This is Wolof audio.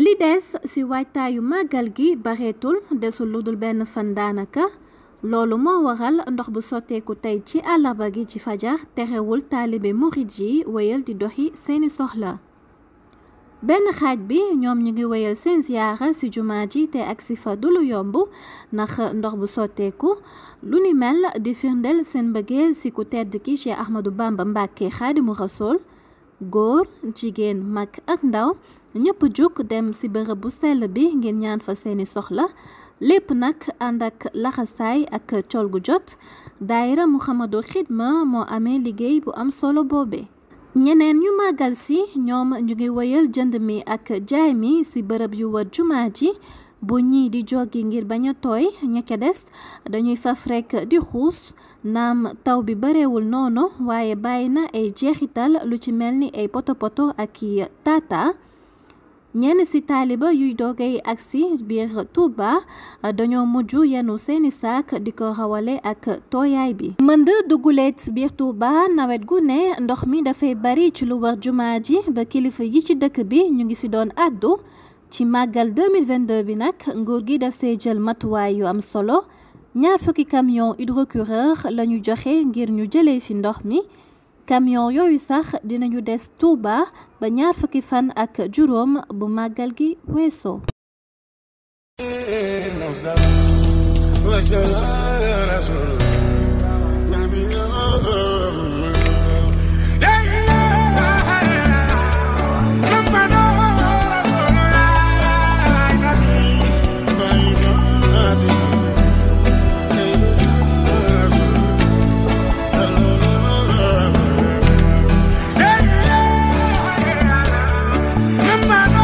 li des ci waajtaayu màggal gi bareetul desul lu dul benn fan daanaka loolu moo waral ndox bu sotteeku tey ci àllarba gi ci fajar terewul taalibe murit yi wéyal di doxi seeni soxla benn xaaj bi ñoom ñu ngi wéyal seen ziyaara ci jumaa ji te agsi fa dulu yomb ndax ndox bu sotteeku lu ni mel di firndeel seen mbëggeel ci ku tedd ki Cheikh Ahmadou Bamba Mbàkke Xaadimu Rasuul góor jigéen mag ak ndaw ñëpp juk dem ci bërëb bu sell bi ngir ñaan fa seeni soxla lépp nak ànd ak laxasaay ak col gu jot daayira Muhammadu Xidma moo amee liggéey bu am solo boobee ñeneen ñu màggal si ñoom ñu ngi woyal jënd mi ak jaay mi si bërëb yu wër jumaa ji bu ñii di joggi ngir bañ a tooy ñeke des dañuy faf rek di xuus naam taw bi bareewul noonu waaye bàyyi na ay jeexital lu ci mel ni ay poto poto ak i tata ñenn ci taaliba yuy doogay agsi biir Touba dañoo mujj yenu seeni saak di ko rawale ak tooyaay bi mënd duguleet biir Touba nawet gu ne ndox mi dafay bari ci lu war jumaa ji ba kilifa yi ci dëkk bi ñu ngi ci doon àddu ci màggal 2022 bi nag nguur gi def see jël matuwaay yu am solo ñaar fukki camion hydrocureur la joxe ngir ñu jëlee fi ndox mi camion yooyu sax dinañu des Touba ba ñaar fukki fan ak bu gi mamá